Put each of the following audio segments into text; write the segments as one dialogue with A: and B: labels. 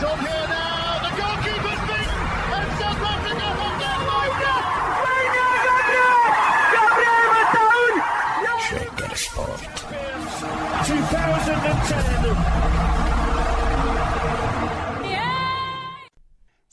A: Job here now.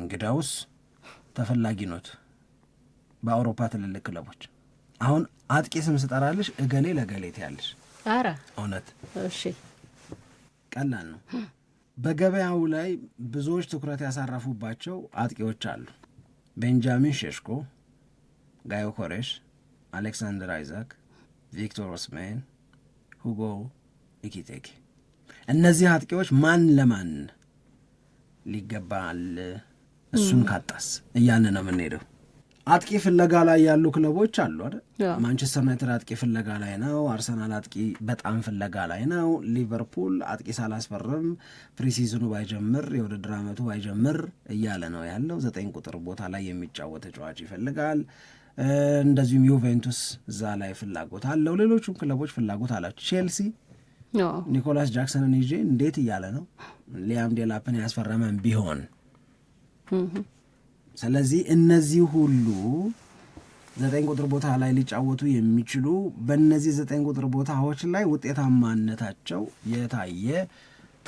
A: እንግዳውስ ተፈላጊ ኖት በአውሮፓ ትልልቅ ክለቦች። አሁን አጥቂ ስም ስጠራልሽ እገሌ ለገሌ ትያለሽ። አረ እውነት እሺ፣ ቀላል ነው። በገበያው ላይ ብዙዎች ትኩረት ያሳረፉባቸው አጥቂዎች አሉ። ቤንጃሚን ሼሽኮ፣ ጋዮ ኮሬሽ፣ አሌክሳንደር አይዛክ፣ ቪክቶር ኦስሜን፣ ሁጎ ኢኪቴኬ። እነዚህ አጥቂዎች ማን ለማን ሊገባል እሱን ካጣስ እያለ ነው የምንሄደው። አጥቂ ፍለጋ ላይ ያሉ ክለቦች አሉ አይደል? ማንቸስተር ዩናይትድ አጥቂ ፍለጋ ላይ ነው። አርሰናል አጥቂ በጣም ፍለጋ ላይ ነው። ሊቨርፑል አጥቂ ሳላስፈርም ፕሪሲዝኑ ባይጀምር የውድድር ዓመቱ ባይጀምር እያለ ነው ያለው። ዘጠኝ ቁጥር ቦታ ላይ የሚጫወት ተጫዋች ይፈልጋል። እንደዚሁም ዩቬንቱስ እዛ ላይ ፍላጎት አለው። ሌሎቹም ክለቦች ፍላጎት አላቸው። ቼልሲ ኒኮላስ ጃክሰንን ይዤ እንዴት እያለ ነው። ሊያም ዴላፕን ያስፈረመን ቢሆን ስለዚህ እነዚህ ሁሉ ዘጠኝ ቁጥር ቦታ ላይ ሊጫወቱ የሚችሉ በእነዚህ ዘጠኝ ቁጥር ቦታዎች ላይ ውጤታማነታቸው የታየ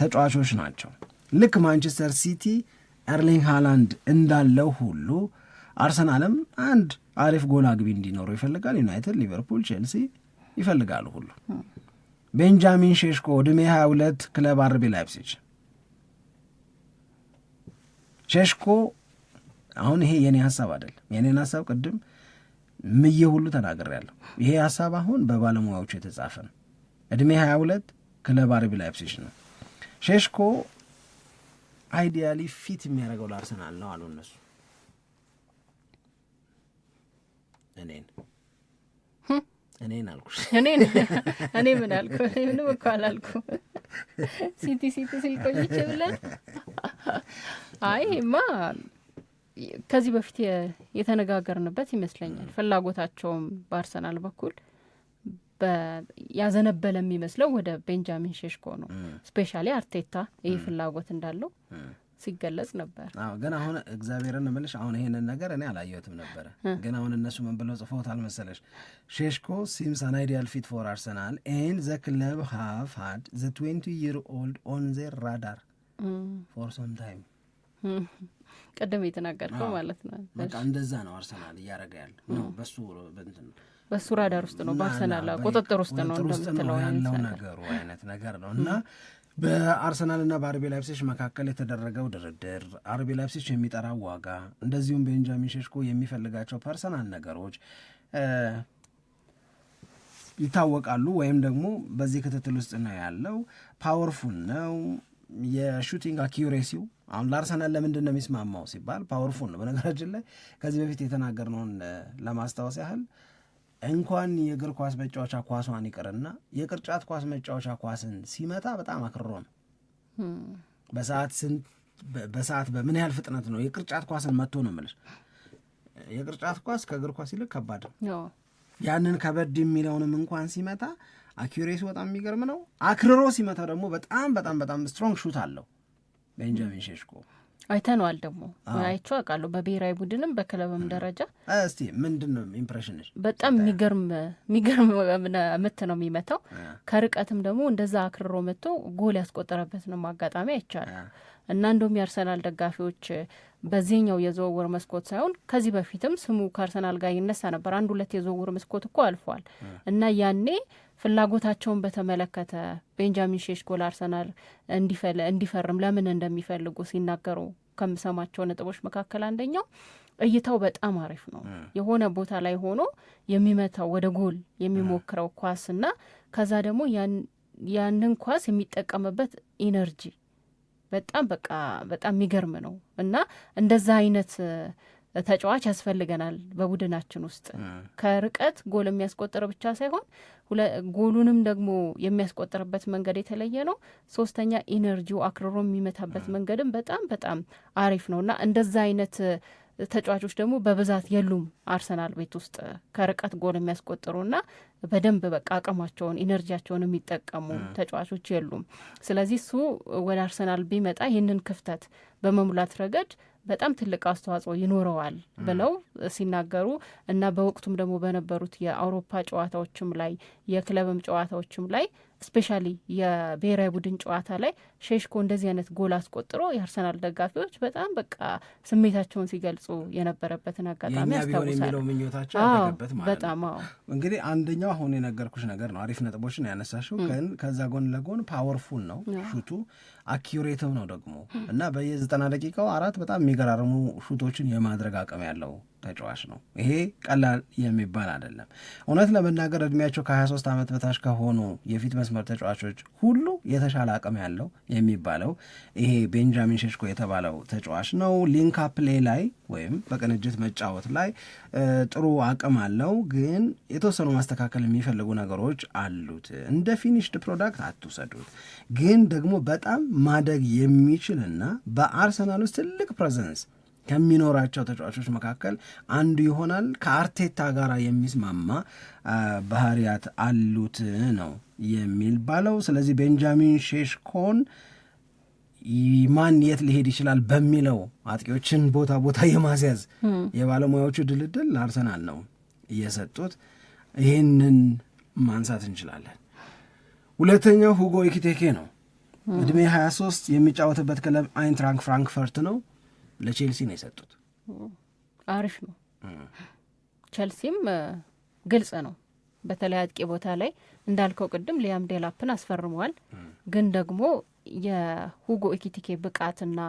A: ተጫዋቾች ናቸው። ልክ ማንቸስተር ሲቲ ኤርሊንግ ሃላንድ እንዳለው ሁሉ አርሰናልም አንድ አሪፍ ጎል አግቢ እንዲኖረው ይፈልጋል። ዩናይትድ፣ ሊቨርፑል፣ ቼልሲ ይፈልጋሉ ሁሉ ቤንጃሚን ሼሽኮ ዕድሜ 22 ክለብ አርቢ ላይፕሲች ሸሽኮ አሁን ይሄ የኔ ሀሳብ አይደለም። የኔን ሀሳብ ቅድም ምየ ሁሉ ያለሁ ይሄ ሀሳብ አሁን በባለሙያዎቹ የተጻፈ ነው። ዕድሜ 22 ክለብ አርቢ ላይፕሲጅ ነው። ሸሽኮ አይዲያሊ ፊት የሚያደርገው ላርሰናል ነው አሉ እነሱ። እኔን እኔን አልኩ እኔን እኔ ምን አልኩ? ምንም እኮ አላልኩ። ሲቲ ሲቲ ስልቆይች ብለን አይ ማ ከዚህ በፊት የተነጋገርንበት ይመስለኛል። ፍላጎታቸውም በአርሰናል በኩል ያዘነበለ የሚመስለው ወደ ቤንጃሚን ሼሽኮ ነው። ስፔሻሊ አርቴታ ይህ ፍላጎት እንዳለው ሲገለጽ ነበር። አዎ ግን አሁን እግዚአብሔርን እምልሽ አሁን ይሄንን ነገር እኔ አላየሁትም ነበረ። ግን አሁን እነሱ ምን ብለው ጽፎት አልመሰለሽ? ሼሽኮ ሲምስ አን አይዲያል ፊት ፎር አርሰናል ኤን ዘ ክለብ ሃቭ ሃድ ዘ ትዌንቲ ይር ኦልድ ኦን ዜር ራዳር ፎር ሶም ታይም ቅድም የተናገርከው ማለት ነው። በቃ እንደዛ ነው አርሰናል እያረገ ያለ ነው። በሱ በሱ ራዳር ውስጥ ነው፣ በአርሰናል ቁጥጥር ውስጥ ነው እንደምትለው ያለው ነገሩ አይነት ነገር ነው እና በአርሰናልና በአርቤ ላይፕሲሽ መካከል የተደረገው ድርድር፣ አርቤ ላይፕሲሽ የሚጠራው ዋጋ፣ እንደዚሁም ቤንጃሚን ሸሽኮ የሚፈልጋቸው ፐርሰናል ነገሮች ይታወቃሉ ወይም ደግሞ በዚህ ክትትል ውስጥ ነው ያለው። ፓወርፉል ነው የሹቲንግ አኪሬሲው አሁን ላርሰናል ለምንድን ነው የሚስማማው ሲባል ፓወርፉል ነው። በነገራችን ላይ ከዚህ በፊት የተናገርነውን ለማስታወስ ያህል እንኳን የእግር ኳስ መጫወቻ ኳሷን ይቅርና የቅርጫት ኳስ መጫወቻ ኳስን ሲመታ በጣም አክርሮ ነው። በሰዓት ስንት በሰዓት በምን ያህል ፍጥነት ነው የቅርጫት ኳስን መጥቶ ነው የምልሽ። የቅርጫት ኳስ ከእግር ኳስ ይልቅ ከባድ ነው። ያንን ከበድ የሚለውንም እንኳን ሲመታ አኪሬሱ በጣም የሚገርም ነው። አክርሮ ሲመታ ደግሞ በጣም በጣም በጣም ስትሮንግ ሹት አለው ቤንጃሚን ሼሽኮ። አይተነዋል ደግሞ አይቼው አውቃለሁ በብሔራዊ ቡድንም በክለብም ደረጃ። እስቲ ምንድን ነው ኢምፕሬሽንሽ? በጣም የሚገርም የሚገርም ምት ነው የሚመታው። ከርቀትም ደግሞ እንደዛ አክርሮ መጥቶ ጎል ያስቆጠረበት ነው አጋጣሚ አይቻለ እና እንደውም የአርሰናል ደጋፊዎች በዚህኛው የዝውውር መስኮት ሳይሆን ከዚህ በፊትም ስሙ ከአርሰናል ጋር ይነሳ ነበር። አንድ ሁለት የዝውውር መስኮት እኮ አልፏል እና ያኔ ፍላጎታቸውን በተመለከተ ቤንጃሚን ሼሽኮ ለአርሰናል እንዲፈርም ለምን እንደሚፈልጉ ሲናገሩ ከምሰማቸው ነጥቦች መካከል አንደኛው እይታው በጣም አሪፍ ነው። የሆነ ቦታ ላይ ሆኖ የሚመታው ወደ ጎል የሚሞክረው ኳስ እና ከዛ ደግሞ ያንን ኳስ የሚጠቀምበት ኢነርጂ በጣም በቃ በጣም የሚገርም ነው እና እንደዛ አይነት ተጫዋች ያስፈልገናል በቡድናችን ውስጥ ከርቀት ጎል የሚያስቆጥር ብቻ ሳይሆን ጎሉንም ደግሞ የሚያስቆጥርበት መንገድ የተለየ ነው። ሶስተኛ ኢነርጂው አክርሮ የሚመታበት መንገድም በጣም በጣም አሪፍ ነው እና እንደዛ አይነት ተጫዋቾች ደግሞ በብዛት የሉም አርሰናል ቤት ውስጥ ከርቀት ጎል የሚያስቆጥሩና በደንብ በቃ አቅማቸውን ኢነርጂያቸውን የሚጠቀሙ ተጫዋቾች የሉም። ስለዚህ እሱ ወደ አርሰናል ቢመጣ ይህንን ክፍተት በመሙላት ረገድ በጣም ትልቅ አስተዋጽኦ ይኖረዋል ብለው ሲናገሩ እና በወቅቱም ደግሞ በነበሩት የአውሮፓ ጨዋታዎችም ላይ የክለብም ጨዋታዎችም ላይ ስፔሻሊ የብሔራዊ ቡድን ጨዋታ ላይ ሼሽኮ እንደዚህ አይነት ጎል አስቆጥሮ የአርሰናል ደጋፊዎች በጣም በቃ ስሜታቸውን ሲገልጹ የነበረበትን አጋጣሚ ያስታውሳል። እንግዲህ አንደኛው አሁን የነገርኩሽ ነገር ነው። አሪፍ ነጥቦችን ያነሳሽው። ከዛ ጎን ለጎን ፓወርፉል ነው ሹቱ አኪሬትም ነው ደግሞ እና በየዘጠና ደቂቃው አራት በጣም የሚገራርሙ ሹቶችን የማድረግ አቅም ያለው ተጫዋች ነው። ይሄ ቀላል የሚባል አይደለም። እውነት ለመናገር እድሜያቸው ከ23 ዓመት በታች ከሆኑ የፊት መስመር ተጫዋቾች ሁሉ የተሻለ አቅም ያለው የሚባለው ይሄ ቤንጃሚን ሸሽኮ የተባለው ተጫዋች ነው። ሊንክ ላይ ወይም በቅንጅት መጫወት ላይ ጥሩ አቅም አለው፣ ግን የተወሰኑ ማስተካከል የሚፈልጉ ነገሮች አሉት። እንደ ፊኒሽድ ፕሮዳክት አትውሰዱት፣ ግን ደግሞ በጣም ማደግ የሚችል በአርሰናል ውስጥ ትልቅ ፕሬዘንስ ከሚኖራቸው ተጫዋቾች መካከል አንዱ ይሆናል። ከአርቴታ ጋር የሚስማማ ባህሪያት አሉት ነው የሚባለው። ስለዚህ ቤንጃሚን ሼሽኮን ማን የት ሊሄድ ይችላል በሚለው አጥቂዎችን ቦታ ቦታ የማስያዝ የባለሙያዎቹ ድልድል አርሰናል ነው እየሰጡት። ይህንን ማንሳት እንችላለን። ሁለተኛው ሁጎ ኢኪቴኬ ነው። እድሜ 23 የሚጫወትበት ክለብ አይንትራንክ ፍራንክፈርት ነው። ለቼልሲ ነው የሰጡት። አሪፍ ነው። ቼልሲም ግልጽ ነው በተለይ አጥቂ ቦታ ላይ እንዳልከው ቅድም ሊያም ዴላፕን አስፈርመዋል። ግን ደግሞ የሁጎ ኢኪቲኬ ብቃትና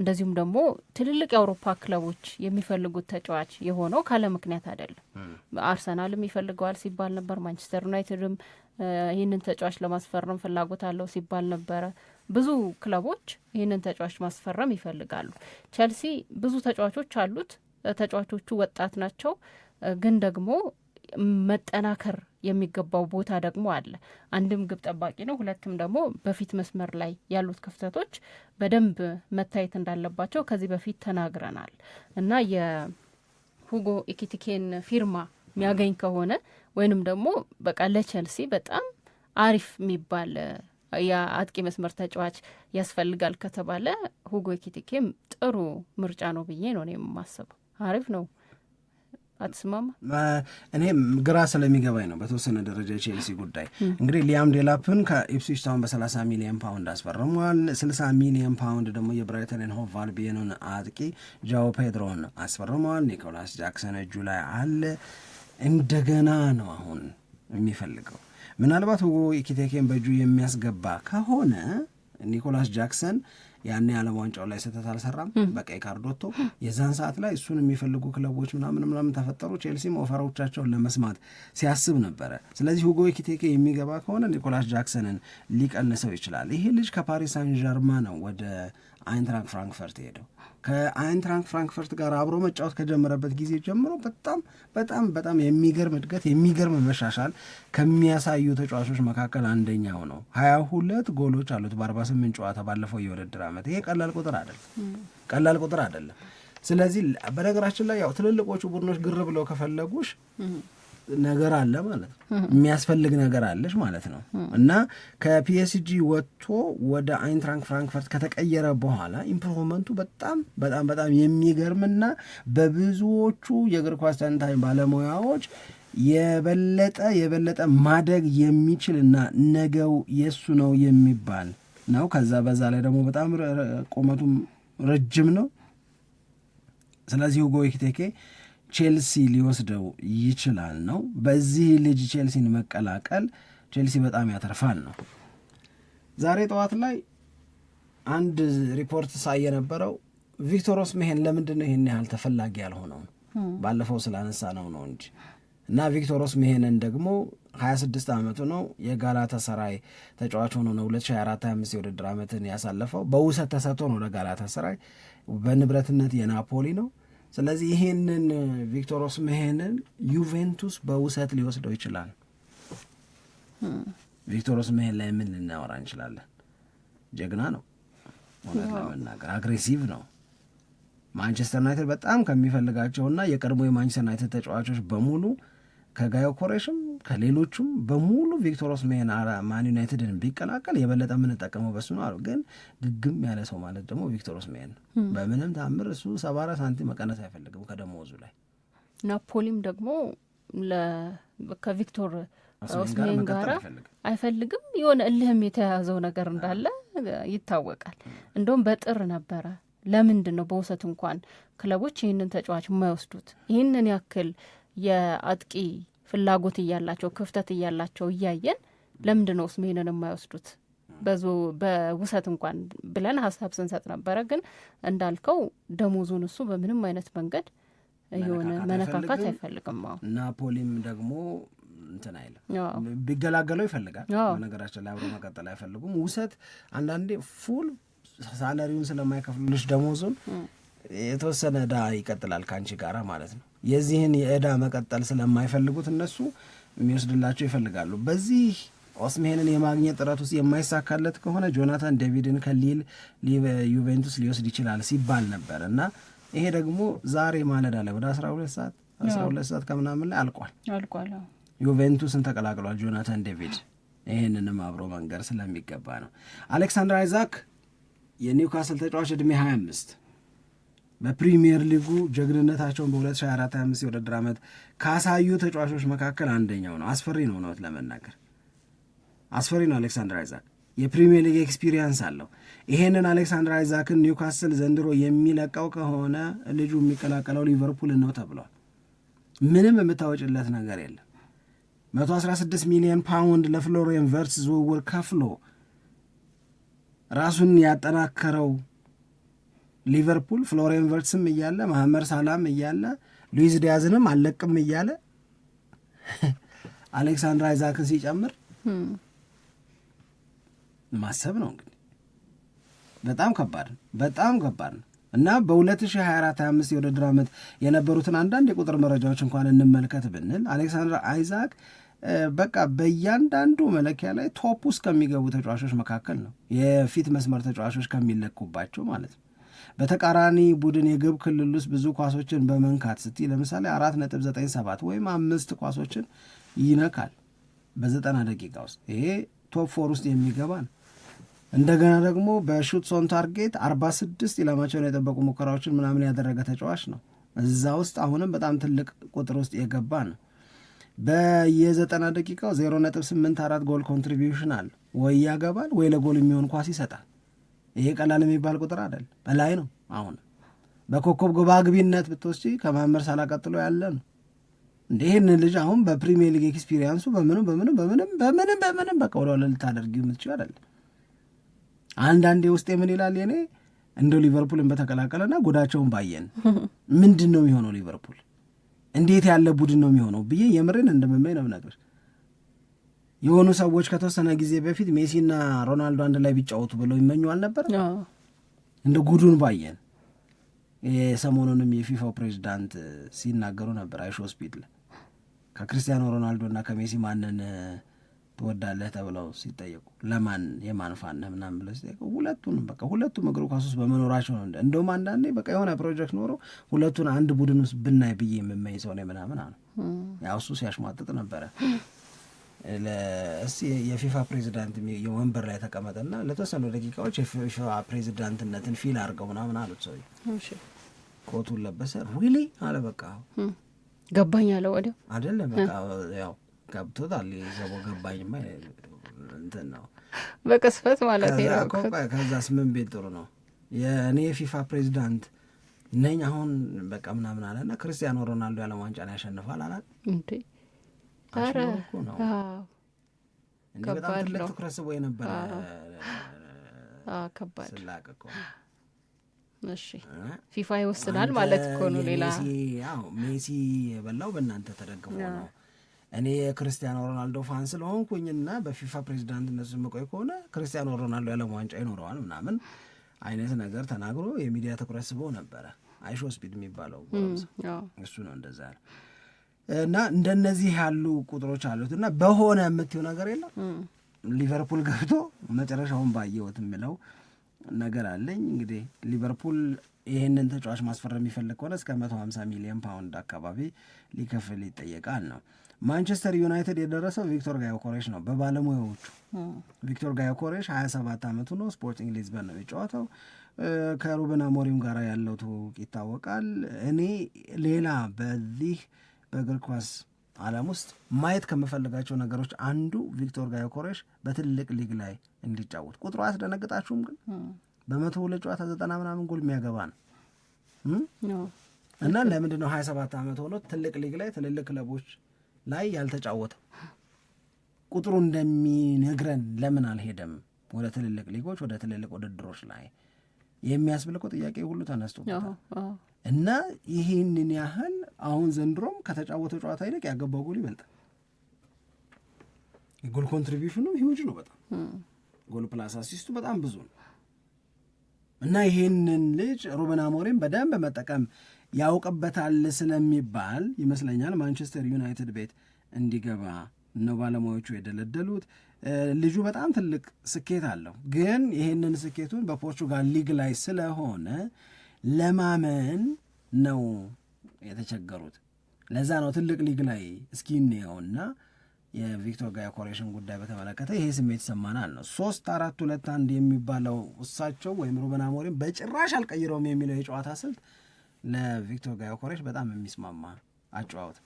A: እንደዚሁም ደግሞ ትልልቅ የአውሮፓ ክለቦች የሚፈልጉት ተጫዋች የሆነው ካለ ምክንያት አይደለም። አርሰናልም ይፈልገዋል ሲባል ነበር። ማንቸስተር ዩናይትድም ይህንን ተጫዋች ለማስፈረም ፍላጎት አለው ሲባል ነበረ። ብዙ ክለቦች ይህንን ተጫዋች ማስፈረም ይፈልጋሉ። ቸልሲ ብዙ ተጫዋቾች አሉት። ተጫዋቾቹ ወጣት ናቸው ግን ደግሞ መጠናከር የሚገባው ቦታ ደግሞ አለ። አንድም ግብ ጠባቂ ነው፣ ሁለትም ደግሞ በፊት መስመር ላይ ያሉት ክፍተቶች በደንብ መታየት እንዳለባቸው ከዚህ በፊት ተናግረናል እና የሁጎ ኢኪቲኬን ፊርማ የሚያገኝ ከሆነ ወይንም ደግሞ በቃ ለቼልሲ በጣም አሪፍ የሚባል የአጥቂ መስመር ተጫዋች ያስፈልጋል ከተባለ ሁጎ ኢኪቲኬም ጥሩ ምርጫ ነው ብዬ ነው የማስበው። አሪፍ ነው። አትስማማ? እኔ ግራ ስለሚገባኝ ነው በተወሰነ ደረጃ የቼልሲ ጉዳይ። እንግዲህ ሊያም ዴላፕን ከኢፕስዊች ታውን በ30 ሚሊዮን ፓውንድ አስፈርሟል። 60 ሚሊዮን ፓውንድ ደግሞ የብራይተንን ሆቭ አልቢዮንን አጥቂ ጃኦ ፔድሮን አስፈርሟል። ኒኮላስ ጃክሰን እጁ ላይ አለ። እንደገና ነው አሁን የሚፈልገው ምናልባት ሁጎ ኢኪቴኬን በእጁ የሚያስገባ ከሆነ ኒኮላስ ጃክሰን ያኔ የዓለም ዋንጫው ላይ ስህተት አልሰራም፣ በቀይ ካርድ ወጥቶ የዛን ሰዓት ላይ እሱን የሚፈልጉ ክለቦች ምናምን ምናምን ተፈጠሩ። ቼልሲም ኦፈሮቻቸውን ለመስማት ሲያስብ ነበረ። ስለዚህ ሁጎ ኤኪቲኬ የሚገባ ከሆነ ኒኮላስ ጃክሰንን ሊቀንሰው ይችላል። ይሄ ልጅ ከፓሪስ ሳን ዠርማ ነው ወደ አይንትራንክ ፍራንክፈርት ሄደው ከአይንትራንክ ፍራንክፈርት ጋር አብሮ መጫወት ከጀመረበት ጊዜ ጀምሮ በጣም በጣም በጣም የሚገርም እድገት የሚገርም መሻሻል ከሚያሳዩ ተጫዋቾች መካከል አንደኛው ነው። ሀያ ሁለት ጎሎች አሉት በአርባ ስምንት ጨዋታ ባለፈው የውድድር ዓመት ይሄ ቀላል ቁጥር አይደለም፣ ቀላል ቁጥር አይደለም። ስለዚህ በነገራችን ላይ ያው ትልልቆቹ ቡድኖች ግር ብለው ከፈለጉሽ ነገር አለ ማለት ነው። የሚያስፈልግ ነገር አለሽ ማለት ነው። እና ከፒኤስጂ ወጥቶ ወደ አይንትራንክ ፍራንክፈርት ከተቀየረ በኋላ ኢምፕሩቭመንቱ በጣም በጣም በጣም የሚገርምና በብዙዎቹ የእግር ኳስ ተንታኝ ባለሙያዎች የበለጠ የበለጠ ማደግ የሚችልና ነገው የእሱ ነው የሚባል ነው። ከዛ በዛ ላይ ደግሞ በጣም ቁመቱም ረጅም ነው። ስለዚህ ሁጎ ኤኪቴኬ ቼልሲ ሊወስደው ይችላል ነው። በዚህ ልጅ ቼልሲን መቀላቀል ቼልሲ በጣም ያተርፋል ነው። ዛሬ ጠዋት ላይ አንድ ሪፖርት ሳየ ነበረው ቪክቶር ኦስሜሄን ለምንድን ነው ይህን ያህል ተፈላጊ ያልሆነው? ባለፈው ስላነሳ ነው ነው እንጂ እና ቪክቶር ኦስሜሄንን ደግሞ 26 ዓመቱ ነው። የጋላታ ሰራይ ተጫዋች ሆኖ ነው 2024/25 የውድድር ዓመትን ያሳለፈው። በውሰት ተሰጥቶ ነው ለጋላታ ሰራይ፣ በንብረትነት የናፖሊ ነው። ስለዚህ ይህንን ቪክቶር ኦስሜሄንን ዩቬንቱስ በውሰት ሊወስደው ይችላል። ቪክቶር ኦስሜሄን ላይ ምን ልናወራ እንችላለን? ጀግና ነው፣ እውነት ለመናገር አግሬሲቭ ነው። ማንቸስተር ዩናይትድ በጣም ከሚፈልጋቸውና የቀድሞ የማንቸስተር ዩናይትድ ተጫዋቾች በሙሉ ከጋዮ ኮሬሽም ከሌሎቹም በሙሉ ቪክቶር ኦስሜን ማን ዩናይትድን ቢቀላቀል የበለጠ የምንጠቀመው በሱ ነው አሉ። ግን ግግም ያለ ሰው ማለት ደግሞ ቪክቶር ኦስሜሄን በምንም ታምር እሱ ሰባ አራት ሳንቲም መቀነስ አይፈልግም ከደሞዙ ላይ። ናፖሊም ደግሞ ከቪክቶር ኦስሜሄን ጋር አይፈልግም። የሆነ እልህም የተያዘው ነገር እንዳለ ይታወቃል። እንደውም በጥር ነበረ ለምንድን ነው በውሰት እንኳን ክለቦች ይህንን ተጫዋች የማይወስዱት ይህንን ያክል የአጥቂ ፍላጎት እያላቸው ክፍተት እያላቸው እያየን ለምንድን ነው ስሜንን የማይወስዱት? በዙ በውሰት እንኳን ብለን ሀሳብ ስንሰጥ ነበረ። ግን እንዳልከው ደሞዙን እሱ በምንም አይነት መንገድ የሆነ መነካካት አይፈልግም። ናፖሊም ደግሞ እንትን አይልም፣ ቢገላገለው ይፈልጋል። በነገራችን ላይ አብሮ መቀጠል አይፈልጉም። ውሰት አንዳንዴ ፉል ሳለሪውን ስለማይከፍሉልሽ ደሞዙን የተወሰነ እዳ ይቀጥላል ከአንቺ ጋር ማለት ነው። የዚህን የእዳ መቀጠል ስለማይፈልጉት እነሱ የሚወስድላቸው ይፈልጋሉ። በዚህ ኦስሜሄንን የማግኘት ጥረት ውስጥ የማይሳካለት ከሆነ ጆናታን ዴቪድን ከሊል ዩቬንቱስ ሊወስድ ይችላል ሲባል ነበር እና ይሄ ደግሞ ዛሬ ማለዳ ላይ ወደ 12 ሰዓት 12 ሰዓት ከምናምን ላይ አልቋል አልቋል። ዩቬንቱስን ተቀላቅሏል ጆናታን ዴቪድ። ይህንንም አብሮ መንገር ስለሚገባ ነው። አሌክሳንደር አይዛክ የኒውካስል ተጫዋች ዕድሜ 25 በፕሪሚየር ሊጉ ጀግንነታቸውን በ2024/25 የውድድር ዓመት ካሳዩ ተጫዋቾች መካከል አንደኛው ነው። አስፈሪ ነው፣ እውነት ለመናገር አስፈሪ ነው። አሌክሳንደር አይዛክ የፕሪሚየር ሊግ ኤክስፒሪየንስ አለው። ይሄንን አሌክሳንደር አይዛክን ኒውካስል ዘንድሮ የሚለቀው ከሆነ ልጁ የሚቀላቀለው ሊቨርፑል ነው ተብሏል። ምንም የምታወጭለት ነገር የለም። 116 ሚሊዮን ፓውንድ ለፍሎሬን ቨርትዝ ዝውውር ከፍሎ ራሱን ያጠናከረው ሊቨርፑል ፍሎሪያን ቨርትስም እያለ ማህመር ሳላም እያለ ሉዊዝ ዲያዝንም አለቅም እያለ አሌክሳንድር አይዛክን ሲጨምር ማሰብ ነው እንግዲህ በጣም ከባድ ነው፣ በጣም ከባድ ነው እና በ2024/25 የውድድር ዓመት የነበሩትን አንዳንድ የቁጥር መረጃዎች እንኳን እንመልከት ብንል አሌክሳንድር አይዛክ በቃ በእያንዳንዱ መለኪያ ላይ ቶፕ ውስጥ ከሚገቡ ተጫዋቾች መካከል ነው፣ የፊት መስመር ተጫዋቾች ከሚለኩባቸው ማለት ነው። በተቃራኒ ቡድን የግብ ክልል ውስጥ ብዙ ኳሶችን በመንካት ስትይ ለምሳሌ አራት ነጥብ ዘጠኝ ሰባት ወይም አምስት ኳሶችን ይነካል በዘጠና ደቂቃ ውስጥ ይሄ ቶፕ ፎር ውስጥ የሚገባ ነው። እንደገና ደግሞ በሹት ሶን ታርጌት አርባ ስድስት ኢላማቸውን የጠበቁ ሙከራዎችን ምናምን ያደረገ ተጫዋች ነው። እዛ ውስጥ አሁንም በጣም ትልቅ ቁጥር ውስጥ የገባ ነው። በየዘጠና ደቂቃው ዜሮ ነጥብ ስምንት አራት ጎል ኮንትሪቢሽን አለ። ወይ ያገባል ወይ ለጎል የሚሆን ኳስ ይሰጣል። ይሄ ቀላል የሚባል ቁጥር አይደል፣ በላይ ነው። አሁን በኮከብ ግቢነት ብትወስጂ ከማመር ሳላ ቀጥሎ ያለ ነው። እንደ ይህን ልጅ አሁን በፕሪሚየር ሊግ ኤክስፒሪየንሱ በምንም በምንም በምንም በምንም በምንም በቃ ወደኋላ ልታደርጊው የምትችይው አይደለም። አንዳንዴ ውስጤ ምን ይላል የኔ እንደ ሊቨርፑልን በተቀላቀለና ጎዳቸውን ባየን ምንድን ነው የሚሆነው? ሊቨርፑል እንዴት ያለ ቡድን ነው የሚሆነው ብዬ የምሬን እንደመመኝ ነው የምነግርሽ። የሆኑ ሰዎች ከተወሰነ ጊዜ በፊት ሜሲና ሮናልዶ አንድ ላይ ቢጫወቱ ብለው ይመኙ አልነበር? እንደ ጉዱን ባየን። የሰሞኑንም የፊፋው ፕሬዚዳንት ሲናገሩ ነበር አይሾ ስፒድል ከክርስቲያኖ ሮናልዶ እና ከሜሲ ማንን ትወዳለህ ተብለው ሲጠየቁ ለማን የማን ፋን ምናምን ብለው ሲጠየቁ ሁለቱንም በቃ ሁለቱም እግር ኳስ ውስጥ በመኖራቸው ነው። እንደውም አንዳንዴ በቃ የሆነ ፕሮጀክት ኖሮ ሁለቱን አንድ ቡድን ውስጥ ብናይ ብዬ የምመኝ ሰው ነው ምናምን አሉ። ያው እሱ ሲያሽሟጥጥ ነበረ። እስቲ የፊፋ ፕሬዚዳንት የወንበር ላይ ተቀመጠና ለተወሰኑ ደቂቃዎች የፊፋ ፕሬዚዳንትነትን ፊል አድርገው ምናምን አሉት። ሰው ኮቱን ለበሰ። ሪሊ አለ በቃ ገባኝ አለ ወዲያው። አይደለም ያው ገብቶታል። ዘቦ ገባኝማ እንትን ነው በቅስፈት ማለት ነው። ከዛ ስምን ቤት ጥሩ ነው የእኔ የፊፋ ፕሬዚዳንት ነኝ አሁን በቃ ምናምን አለና ክርስቲያኖ ሮናልዶ ያለም ዋንጫን ያሸንፋል አላል እንዴ አሽመልኩ ነው እንዴ? በጣም ትልቅ ትኩረት ስቦ የነበረ ከባድ ስላቅ እኮ እሺ ፊፋ ይወስናል ማለት እኮ ነው። ሌላ ሜሲ የበላው በእናንተ ተደግፎ ነው። እኔ የክርስቲያኖ ሮናልዶ ፋን ስለሆንኩኝና በፊፋ ፕሬዚዳንትነት መቆይ ከሆነ ክርስቲያኖ ሮናልዶ ያለም ዋንጫ ይኖረዋል ምናምን አይነት ነገር ተናግሮ የሚዲያ ትኩረት ስቦ ነበረ። አይሾ ስፒድ የሚባለው እሱ ነው እንደዛ እና እንደነዚህ ያሉ ቁጥሮች አሉት እና በሆነ የምትይው ነገር የለም። ሊቨርፑል ገብቶ መጨረሻውን ባየወት የምለው ነገር አለኝ። እንግዲህ ሊቨርፑል ይህንን ተጫዋች ማስፈረም የሚፈልግ ከሆነ እስከ 150 ሚሊዮን ፓውንድ አካባቢ ሊከፍል ይጠየቃል ነው። ማንቸስተር ዩናይትድ የደረሰው ቪክቶር ጋዮኮሬሽ ነው በባለሙያዎቹ። ቪክቶር ጋዮኮሬሽ 27 ዓመቱ ነው። ስፖርቲንግ ሊዝበን ነው የጨዋተው። ከሩበን አሞሪም ጋር ያለው ትውውቅ ይታወቃል። እኔ ሌላ በዚህ በእግር ኳስ ዓለም ውስጥ ማየት ከምፈልጋቸው ነገሮች አንዱ ቪክቶር ጋዮኮሬሽ በትልቅ ሊግ ላይ እንዲጫወት ቁጥሩ አያስደነግጣችሁም? ግን በመቶ ሁለት ጨዋታ ዘጠና ምናምን ጎል የሚያገባ ነው እና ለምንድን ነው ሀያ ሰባት ዓመት ሆኖ ትልቅ ሊግ ላይ ትልልቅ ክለቦች ላይ ያልተጫወተው? ቁጥሩ እንደሚነግረን ለምን አልሄደም ወደ ትልልቅ ሊጎች ወደ ትልልቅ ውድድሮች ላይ የሚያስብል ጥያቄ ሁሉ ተነስቶ እና ይህንን ያህል አሁን ዘንድሮም ከተጫወተው ጨዋታ ይልቅ ያገባው ጎል ይበልጣል። የጎል ኮንትሪቢሽኑ ሂውጅ ነው። በጣም ጎል ፕላስ አሲስቱ በጣም ብዙ ነው እና ይሄንን ልጅ ሩበን አሞሪም በደንብ መጠቀም ያውቅበታል ስለሚባል ይመስለኛል ማንቸስተር ዩናይትድ ቤት እንዲገባ ነው ባለሙያዎቹ የደለደሉት። ልጁ በጣም ትልቅ ስኬት አለው፣ ግን ይሄንን ስኬቱን በፖርቹጋል ሊግ ላይ ስለሆነ ለማመን ነው የተቸገሩት። ለዛ ነው ትልቅ ሊግ ላይ እስኪ እንየውና የቪክቶር ጋዮኮሬሽን ጉዳይ በተመለከተ ይሄ ስሜት ይሰማናል ነው። ሶስት አራት ሁለት አንድ የሚባለው እሳቸው ወይም ሩበን አሞሪም በጭራሽ አልቀይረውም የሚለው የጨዋታ ስልት ለቪክቶር ጋዮኮሬሽ በጣም የሚስማማ አጨዋወት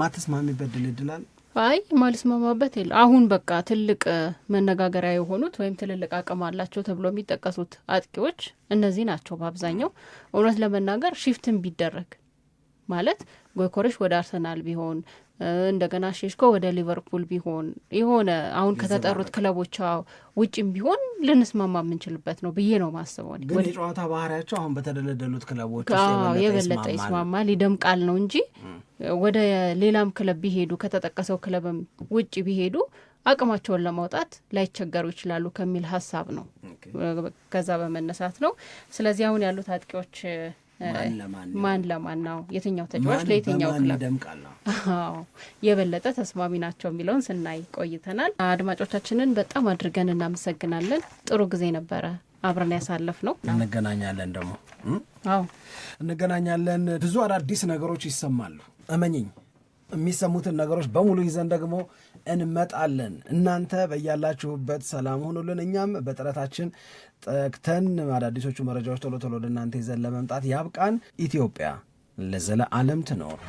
A: ማትስማሚበት ድልድላል አይ ማልስማማበት የለ አሁን በቃ ትልቅ መነጋገሪያ የሆኑት ወይም ትልልቅ አቅም አላቸው ተብሎ የሚጠቀሱት አጥቂዎች እነዚህ ናቸው። በአብዛኛው እውነት ለመናገር ሽፍትን ቢደረግ ማለት ጎይኮሬሽ ወደ አርሰናል ቢሆን እንደገና ሼሽኮ ወደ ሊቨርፑል ቢሆን የሆነ አሁን ከተጠሩት ክለቦች ውጭም ቢሆን ልንስማማ የምንችልበት ነው ብዬ ነው ማስበው። ግን የጨዋታ ባህሪያቸው አሁን በተደለደሉት ክለቦች የበለጠ ይስማማል፣ ይደምቃል ነው እንጂ ወደ ሌላም ክለብ ቢሄዱ ከተጠቀሰው ክለብም ውጭ ቢሄዱ አቅማቸውን ለማውጣት ላይቸገሩ ይችላሉ ከሚል ሀሳብ ነው። ከዛ በመነሳት ነው። ስለዚህ አሁን ያሉት አጥቂዎች ማን ለማን ነው የትኛው ተጫዋች ለየትኛው ክለብ የበለጠ ተስማሚ ናቸው የሚለውን ስናይ ቆይተናል። አድማጮቻችንን በጣም አድርገን እናመሰግናለን። ጥሩ ጊዜ ነበረ አብረን ያሳለፍ ነው። እንገናኛለን ደግሞ አዎ እንገናኛለን። ብዙ አዳዲስ ነገሮች ይሰማሉ እመኝኝ። የሚሰሙትን ነገሮች በሙሉ ይዘን ደግሞ እንመጣለን። እናንተ በያላችሁበት ሰላም ሆኑልን። እኛም በጥረታችን ጠቅተን አዳዲሶቹ መረጃዎች ቶሎ ቶሎ ወደ እናንተ ይዘን ለመምጣት ያብቃን። ኢትዮጵያ ለዘለዓለም ትኖር።